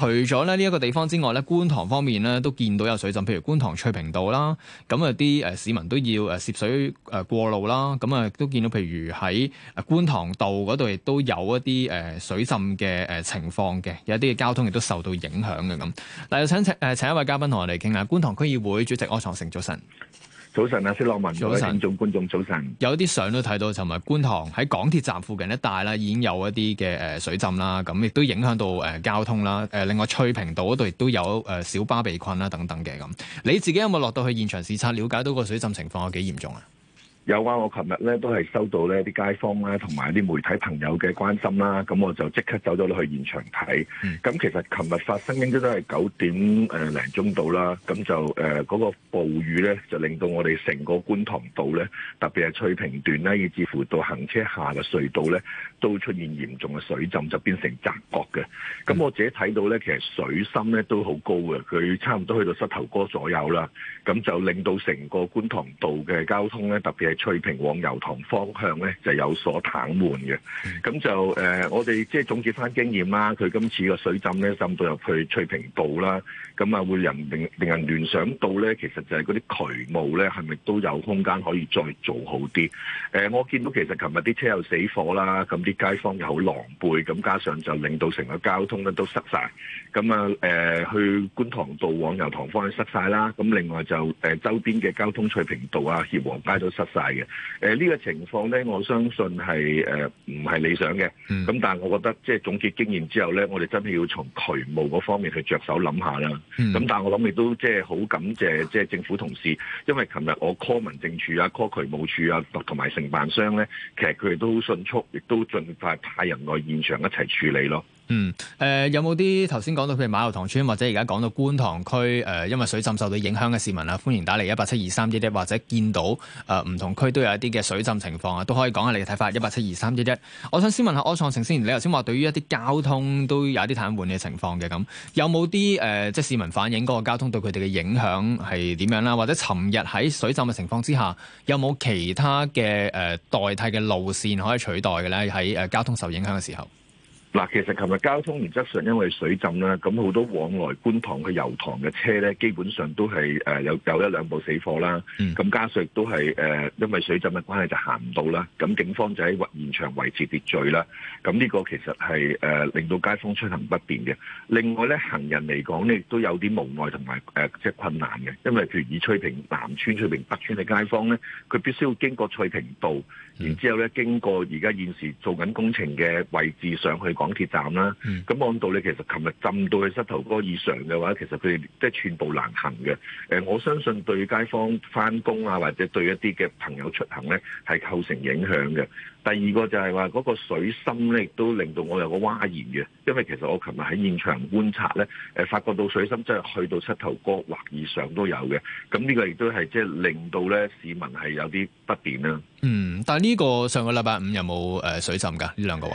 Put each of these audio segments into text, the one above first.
除咗咧呢一個地方之外咧，觀塘方面咧都見到有水浸，譬如觀塘翠屏道啦，咁啊啲市民都要涉水誒過路啦，咁啊都見到譬如喺觀塘道嗰度亦都有一啲水浸嘅情況嘅，有一啲嘅交通亦都受到影響嘅咁。但又請誒請一位嘉賓同我哋傾下，觀塘區議會主席柯創盛早晨。早晨啊，色洛文早晨，晨觀眾觀眾早晨。有啲相都睇到，同埋觀塘喺港鐵站附近一帶啦，已經有一啲嘅誒水浸啦，咁亦都影響到誒交通啦。誒，另外翠屏道嗰度亦都有誒小巴被困啦，等等嘅咁。你自己有冇落到去現場視察，了解到個水浸情況有幾嚴重啊？有啊！我琴日咧都係收到咧啲街坊啦，同埋啲媒體朋友嘅關心啦，咁我就即刻走咗去現場睇。咁其實琴日發生應該都係九點誒零鐘到啦，咁就誒嗰個暴雨咧，就令到我哋成個觀塘道咧，特別係翠屏段啦，甚至乎到行車下嘅隧道咧，都出現嚴重嘅水浸，就變成澤國嘅。咁我自己睇到咧，其實水深咧都好高嘅，佢差唔多去到膝頭哥左右啦。咁就令到成個觀塘道嘅交通咧，特別係，翠屏往油塘方向咧就有所癱瘓嘅，咁就誒我哋即係總結翻經驗啦。佢今次個水浸咧浸到入去翠屏道啦，咁啊會人令令人聯想到咧，其實就係嗰啲渠務咧係咪都有空間可以再做好啲？誒，我見到其實琴日啲車又死火啦，咁啲街坊又好狼狽，咁加上就令到成個交通咧都塞曬，咁啊誒去觀塘道往油塘方向都塞曬啦，咁另外就誒周邊嘅交通翠屏道啊協和街都塞曬。係嘅，誒呢個情況咧，我相信係誒唔係理想嘅。咁但係我覺得即係總結經驗之後咧，我哋真係要從渠務嗰方面去着手諗下啦。咁但係我諗亦都即係好感謝即係政府同事，因為琴日我 call 民政處啊，call 渠務處啊，同埋承辦商咧，其實佢哋都好迅速，亦都盡快派人來現場一齊處理咯。嗯，呃、有冇啲頭先講到譬如馬游塘村，或者而家講到觀塘區、呃、因為水浸受到影響嘅市民啊，歡迎打嚟一八七二三一一，或者見到、呃、唔同區都有一啲嘅水浸情況啊，都可以講下你嘅睇法一八七二三一一。我想先問下柯創盛先，你頭先話對於一啲交通都有啲癱瘓嘅情況嘅，咁，有冇啲、呃、即係市民反映嗰個交通對佢哋嘅影響係點樣啦？或者尋日喺水浸嘅情況之下，有冇其他嘅、呃、代替嘅路線可以取代嘅咧？喺、呃、交通受影響嘅時候？嗱，其實琴日交通原則上，因為水浸啦，咁好多往來觀塘去油塘嘅車咧，基本上都係誒有有一兩部死火啦。咁加上亦都係誒，是因為水浸嘅關係就行唔到啦。咁警方就喺現場維持秩序啦。咁呢個其實係誒令到街坊出行不便嘅。另外咧，行人嚟講咧，亦都有啲無奈同埋誒即係困難嘅，因為譬如以翠屏南村、翠屏北村嘅街坊咧，佢必須要經過翠屏道，然之後咧經過而家現時做緊工程嘅位置上去。港鐵站啦，咁按道理其實琴日浸到去膝頭哥以上嘅話，其實佢哋即係寸步難行嘅。誒，我相信對街坊翻工啊，或者對一啲嘅朋友出行咧，係構成影響嘅。第二個就係話嗰個水深咧，亦都令到我有個嘩然嘅，因為其實我琴日喺現場觀察咧，誒，發覺到水深即係去到膝頭哥或以上都有嘅。咁呢個亦都係即係令到咧市民係有啲不便啦。嗯，但係呢個上個禮拜五有冇誒水浸㗎？呢兩個位。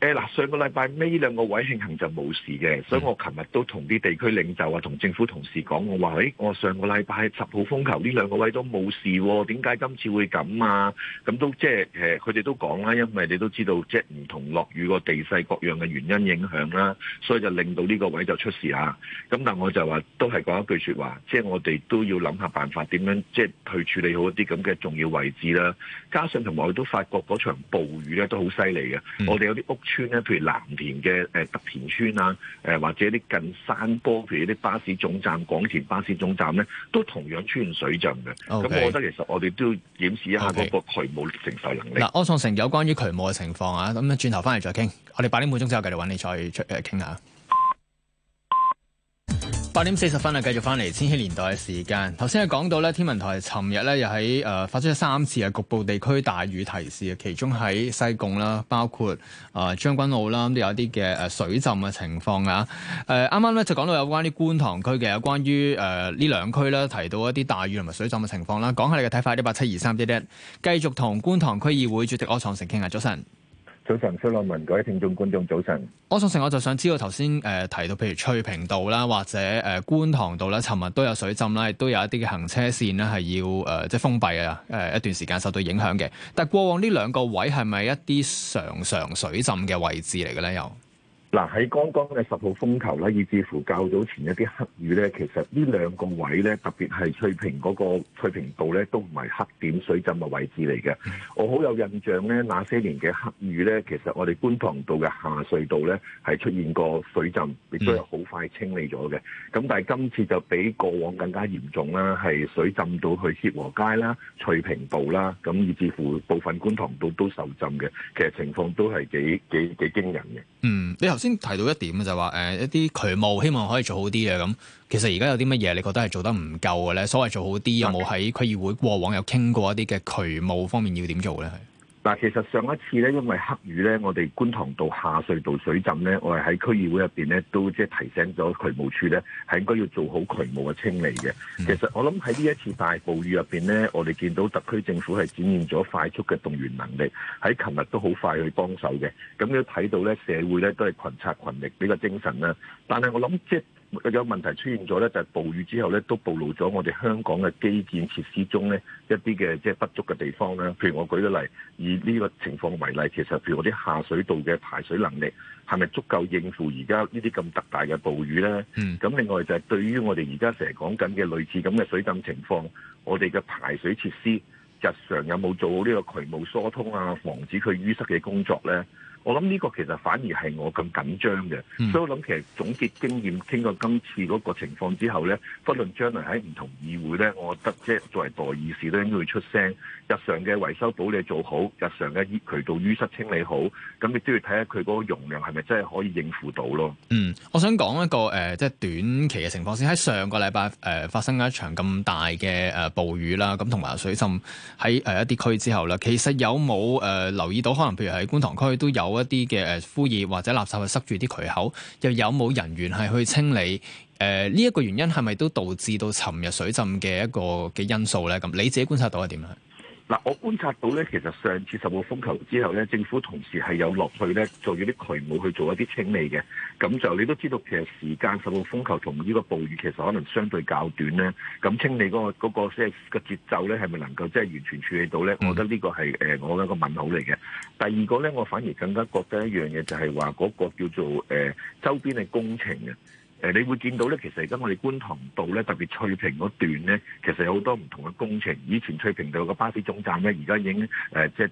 誒嗱，上個禮拜呢兩個位慶幸就冇事嘅，所以我琴日都同啲地區領袖啊，同政府同事講，我話：誒、欸，我上個禮拜十號風球呢兩個位都冇事，點解今次會咁啊？咁都即係誒，佢哋都講啦，因為你都知道，即係唔同落雨個地勢各樣嘅原因影響啦，所以就令到呢個位就出事啊。咁但我就話，都係講一句說話，即係我哋都要諗下辦法，點樣即係去處理好一啲咁嘅重要位置啦。加上同埋我都發覺嗰場暴雨咧都好犀利嘅，我哋有啲屋。村咧，譬如藍田嘅誒德田村啊，誒或者啲近山坡，譬如啲巴士總站、廣田巴士總站咧，都同樣出現水浸嘅。咁 Okay. 我覺得其實我哋都要檢視一下嗰個渠務承受能力。嗱，柯創盛有關於渠務嘅情況啊，咁轉頭翻嚟再傾。我哋八點半鐘之後繼續，嚟揾你再出誒傾下。八點四十分啊，繼續翻嚟千禧年代嘅時間。頭先係講到咧，天文台尋日咧又喺誒、呃、發出咗三次啊局部地區大雨提示啊，其中喺西貢啦，包括啊將、呃、軍澳啦，都有啲嘅誒水浸嘅情況啊。誒、呃，啱啱咧就講到有關啲觀塘區嘅，關於誒呢兩區啦，呃、提到一啲大雨同埋水浸嘅情況啦。講下你嘅睇法，一八七二三一一，繼續同觀塘區議會主席柯創盛傾啊，早晨。早晨，出落文，各位聽眾觀眾，早晨。柯創盛，我就想知道，頭先誒提到譬如翠屏道啦，或者誒、呃、觀塘道咧，尋日都有水浸啦，亦都有一啲嘅行車線咧係要誒、呃、即係封閉啊，誒、呃、一段時間受到影響嘅。但係過往呢兩個位係咪一啲常常水浸嘅位置嚟嘅咧？又、呃？嗱喺剛剛嘅十號風球咧，以至乎較早前一啲黑雨咧，其實呢兩個位咧，特別係翠屏嗰個翠屏道咧，都唔係黑點水浸嘅位置嚟嘅。我好有印象咧，那些年嘅黑雨咧，其實我哋觀塘道嘅下隧道咧，係出現過水浸，亦都有好快清理咗嘅。咁但係今次就比過往更加嚴重啦，係水浸到去協和街啦、翠屏道啦，咁以至乎部分觀塘道都受浸嘅。其實情況都係幾幾幾驚人嘅。嗯，先提到一點，就話、是、誒、呃、一啲渠務希望可以做好啲嘅咁，其實而家有啲乜嘢你覺得係做得唔夠嘅咧？所謂做好啲有冇喺區議會過往有傾過一啲嘅渠務方面要點做咧？嗱，其實上一次咧，因為黑雨咧，我哋觀塘道、下隧道水浸咧，我哋喺區議會入邊咧，都即係提醒咗渠務處咧，係應該要做好渠務嘅清理嘅。其實我諗喺呢一次大暴雨入邊咧，我哋見到特區政府係展現咗快速嘅動員能力，喺琴日都好快去幫手嘅。咁樣睇到咧，社會咧都係群策群力呢個精神啦。但係我諗即，有問題出現咗咧，就係、暴雨之後咧，都暴露咗我哋香港嘅基建設施中咧一啲嘅即係不足嘅地方咧。譬如我舉個例，以呢個情況為例，其實譬如我啲下水道嘅排水能力係咪足夠應付而家呢啲咁特大嘅暴雨咧？咁、嗯、另外就係對於我哋而家成日講緊嘅類似咁嘅水浸情況，我哋嘅排水設施日常有冇做好呢個渠務疏通啊，防止佢淤塞嘅工作咧？我諗呢個其實反而係我咁緊張嘅，嗯、所以我諗其實總結經驗，經過今次嗰個情況之後呢，不論將來喺唔同議會呢，我覺得即係作為代議士都應該會出聲。日常嘅維修保理做好，日常嘅渠道淤塞清理好，咁你都要睇下佢嗰個容量係咪真係可以應付到咯。嗯，我想講一個誒、呃，即係短期嘅情況先。喺上個禮拜誒發生咗一場咁大嘅誒暴雨啦，咁同埋水浸喺誒一啲區之後啦，其實有冇誒、呃、留意到？可能譬如喺觀塘區都有。一啲嘅誒枯葉或者垃圾去塞住啲渠口，又有冇人員係去清理？誒呢一個原因係咪都導致到尋日水浸嘅一個嘅因素咧？咁你自己觀察到係點咧？嗱，我觀察到咧，其實上次十號風球之後咧，政府同時係有落去咧做咗啲渠務去做一啲清理嘅。咁就你都知道，其實時間十號風球同呢個暴雨其實可能相對較短咧。咁清理嗰、嗰個嗰、嗰個即、嗰個、節奏咧，係咪能夠即係、即係、完全處理到咧？我覺得呢個係誒、呃、我嘅一個問號嚟嘅。第二個咧，我反而更加覺得一樣嘢就係話嗰個叫做誒、呃、周邊嘅工程啊。誒，你會見到咧，其實而家我哋觀塘道咧，特別翠屏嗰段咧，其實有好多唔同嘅工程。以前翠屏道個巴士總站咧，而家已經誒、呃、即係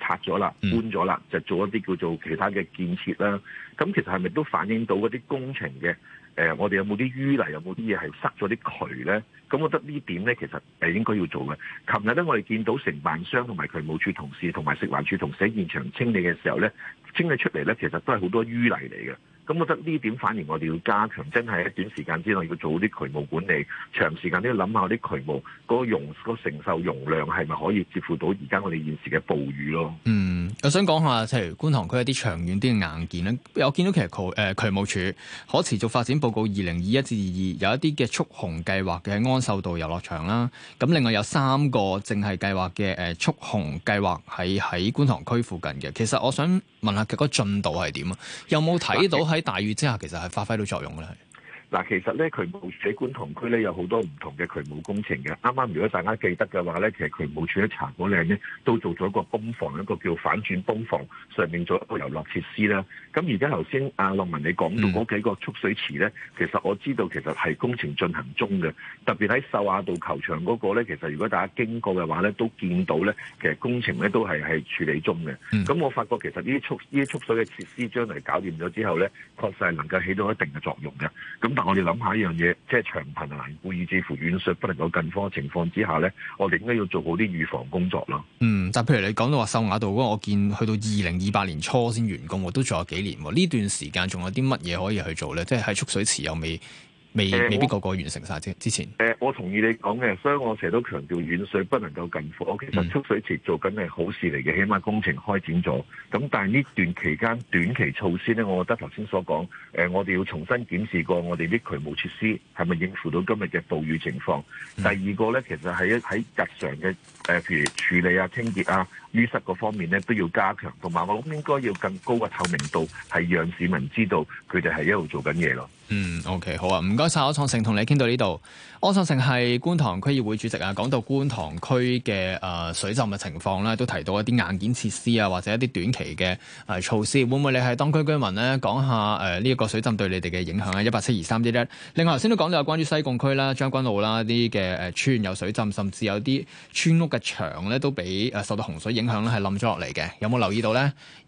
拆咗啦、搬咗啦，就做一啲叫做其他嘅建設啦。咁其實係咪都反映到嗰啲工程嘅誒、呃？我哋有冇啲淤泥，有冇啲嘢係塞咗啲渠咧？咁我覺得點呢點咧，其實係應該要做嘅。琴日咧，我哋見到承辦商同埋渠務處同事同埋食環處同事喺現場清理嘅時候咧，清理出嚟咧，其實都係好多淤泥嚟嘅。咁我覺得呢點反而我哋要加強，真係一段時間之內要做啲渠務管理，長時間都要諗下啲渠務嗰個容、嗰個承受容量係咪可以接付到而家我哋現時嘅暴雨咯。嗯，我想講下，例如觀塘區有一啲長遠啲嘅硬件咧，我見到其實渠、呃、渠務署可持續發展報告二零二一至二二有一啲嘅蓄洪計劃嘅安秀道遊樂場啦，咁另外有三個淨係計劃嘅、呃、蓄洪計劃係喺觀塘區附近嘅。其實我想。問下佢個進度係點啊？有冇睇到喺大雨之下其實係發揮到作用嘅咧？嗱，其實咧，渠務署喺觀塘區咧有好多唔同嘅渠務工程嘅。啱啱如果大家記得嘅話咧，其實渠務署喺茶果嶺咧都做咗一個泵房，一個叫反轉泵房，上面做一個遊樂設施啦。咁而家頭先阿樂文你講到嗰幾個蓄水池咧，嗯、其實我知道其實係工程進行中嘅。特別喺秀雅道球場嗰個咧，其實如果大家經過嘅話咧，都見到咧，其實工程咧都係係處理中嘅。咁、嗯、我發覺其實呢啲蓄呢啲蓄水嘅設施將嚟搞掂咗之後咧，確實係能夠起到一定嘅作用嘅。咁但我哋諗下一樣嘢，即係長貧難顧，以至乎遠水不能夠近方嘅情況之下咧，我哋應該要做好啲預防工作咯。嗯，但譬如你講到話秀雅道嗰個，我見到去到二零二八年初先完工，我都仲有幾年呢段時間，仲有啲乜嘢可以去做咧？即係喺蓄水池又未。未、呃、未必個個，個完成晒啫。之前，誒、呃、我同意你講嘅，所以我成日都強調遠水不能夠近火。其實蓄水池做緊係好事嚟嘅，起碼工程開展咗。咁但係呢段期間短期措施咧，我覺得頭先所講，誒、呃、我哋要重新檢視過我哋啲渠務設施係咪應付到今日嘅暴雨情況。第二個咧，其實喺喺日常嘅誒譬如處理啊、清潔啊、淤塞嗰方面咧都要加強。同埋我諗應該要更高嘅透明度，係讓市民知道佢哋係一路做緊嘢咯。嗯，OK，好啊，唔該曬，柯創盛同你傾到呢度。柯創盛係觀塘區議會主席啊，講到觀塘區嘅誒水浸嘅情況啦，都提到一啲硬件設施啊，或者一啲短期嘅誒措施，會唔會你係當區居民咧講下誒呢一個水浸對你哋嘅影響啊？一八七二三之一。另外頭先都講到有關於西貢區啦、將軍澳啦啲嘅誒村有水浸，甚至有啲村屋嘅牆咧都俾誒受到洪水影響咧，係冧咗落嚟嘅，有冇留意到咧？